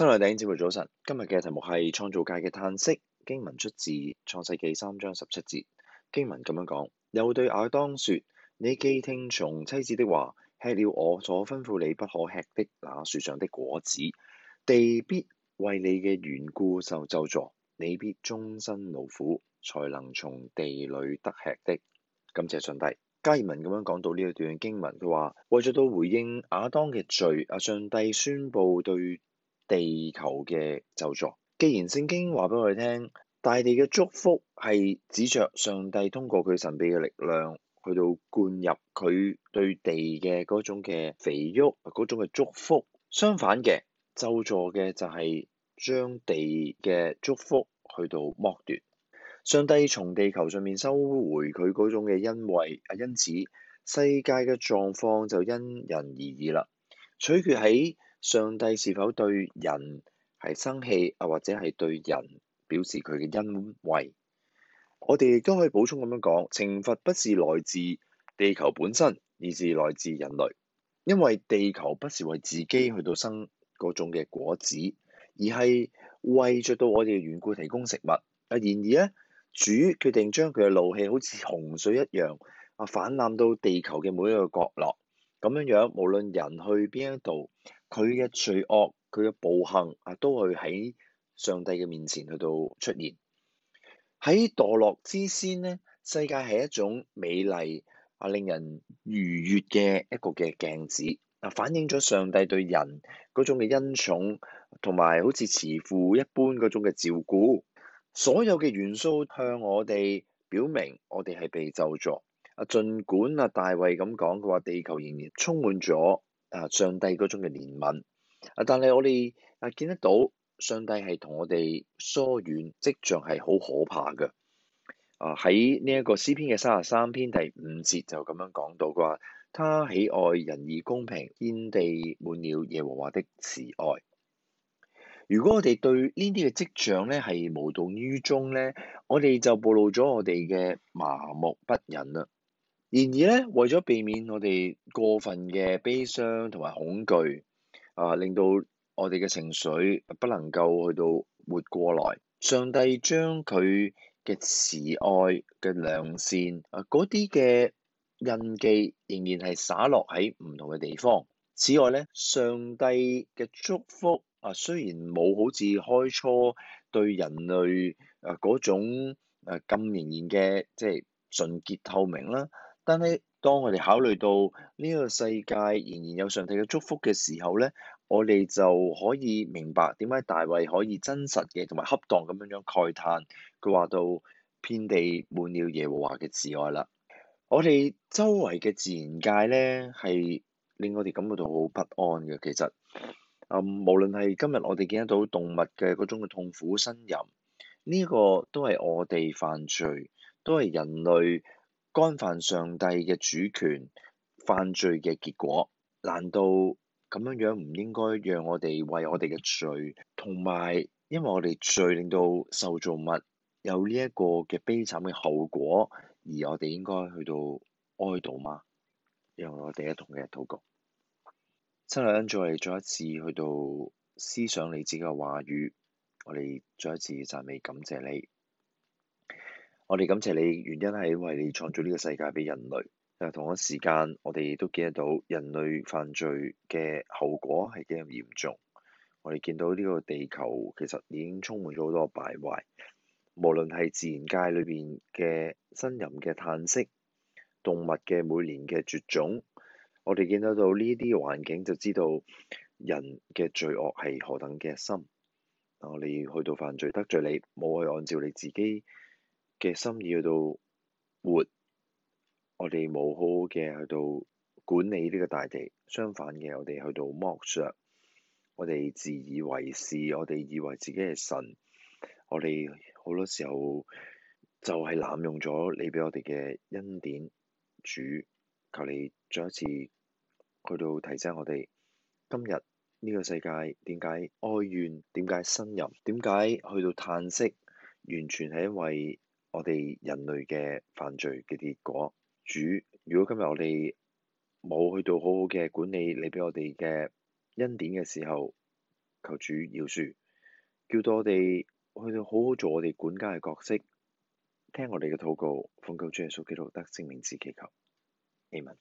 新來頂姐妹早晨，今日嘅題目係創造界嘅嘆息。經文出自《創世記》三章十七節，經文咁樣講：又對亞當說，你既聽從妻子的話，吃了我所吩咐你不可吃的那樹上的果子，地必為你嘅緣故受咒詛，你必終身勞苦，才能從地裏得吃的。感謝上帝。加爾文咁樣講到呢一段經文，佢話為咗到回應亞當嘅罪，阿上帝宣佈對地球嘅咒詛既然聖經話俾我哋聽，大地嘅祝福係指着上帝通過佢神秘嘅力量去到灌入佢對地嘅嗰種嘅肥沃嗰種嘅祝福。相反嘅咒詛嘅就係將地嘅祝福去到剝奪。上帝從地球上面收回佢嗰種嘅恩惠，啊因此世界嘅狀況就因人而異啦，取決喺。上帝是否對人係生氣，啊或者係對人表示佢嘅恩惠？我哋亦都可以補充咁樣講，懲罰不是來自地球本身，而是來自人類，因為地球不是為自己去到生嗰種嘅果子，而係為着到我哋嘅緣故提供食物。啊，然而咧，主決定將佢嘅怒氣好似洪水一樣啊，氾濫到地球嘅每一個角落，咁樣樣，無論人去邊一度。佢嘅罪惡，佢嘅暴行啊，都會喺上帝嘅面前去到出現。喺墮落之先呢，世界係一種美麗啊，令人愉悅嘅一個嘅鏡子啊，反映咗上帝對人嗰種嘅恩寵，同埋好似慈父一般嗰種嘅照顧。所有嘅元素向我哋表明，我哋係被救咗啊。儘管啊，大衛咁講，佢話地球仍然充滿咗。啊！上帝嗰種嘅憐憫啊，但係我哋啊見得到上帝係同我哋疏遠，跡象係好可怕嘅。啊！喺呢一個詩篇嘅三十三篇第五節就咁樣講到，佢話，他喜愛仁義公平，遍地滿了耶和華的慈愛。如果我哋對呢啲嘅跡象咧係無動於衷咧，我哋就暴露咗我哋嘅麻木不仁啦。然而咧，為咗避免我哋過分嘅悲傷同埋恐懼，啊，令到我哋嘅情緒不能夠去到活過來，上帝將佢嘅慈愛嘅良善啊，嗰啲嘅印記仍然係灑落喺唔同嘅地方。此外咧，上帝嘅祝福啊，雖然冇好似開初對人類啊嗰種咁明然嘅即係純潔透明啦。啊但係當我哋考慮到呢個世界仍然有上帝嘅祝福嘅時候咧，我哋就可以明白點解大衛可以真實嘅同埋恰當咁樣樣慨嘆，佢話到遍地滿了耶和華嘅慈愛啦。我哋周圍嘅自然界咧係令我哋感覺到好不安嘅，其實啊、嗯，無論係今日我哋見得到動物嘅嗰種嘅痛苦呻吟，呢、這個都係我哋犯罪，都係人類。干犯上帝嘅主權，犯罪嘅結果，難道咁樣樣唔應該讓我哋為我哋嘅罪，同埋因為我哋罪令到受造物有呢一個嘅悲慘嘅後果，而我哋應該去到哀悼嗎？讓我哋一同嘅禱告，親愛恩主，再嚟再一次去到思想你自己嘅話語，我哋再一次讚美感謝你。我哋感謝你，原因係為你創造呢個世界俾人類。但同一時間，我哋亦都見得到人類犯罪嘅後果係幾咁嚴重。我哋見到呢個地球其實已經充滿咗好多敗壞，無論係自然界裏邊嘅呻吟嘅嘆息，動物嘅每年嘅絕種，我哋見得到呢啲環境就知道人嘅罪惡係何等嘅深。我哋去到犯罪得罪你，冇去按照你自己嘅心意去到活，我哋冇好好嘅去到管理呢個大地，相反嘅我哋去到剝削，我哋自以為是，我哋以為自己係神，我哋好多時候就係濫用咗你俾我哋嘅恩典主。主求你再一次去到提醒我哋，今日呢個世界點解哀怨？點解呻吟？點解去到嘆息？完全係因為。我哋人類嘅犯罪嘅結果，主，如果今日我哋冇去到好好嘅管理你俾我哋嘅恩典嘅時候，求主饒恕，叫到我哋去到好好做我哋管家嘅角色，聽我哋嘅禱告，奉救主耶穌基督得聖名字祈求，阿門。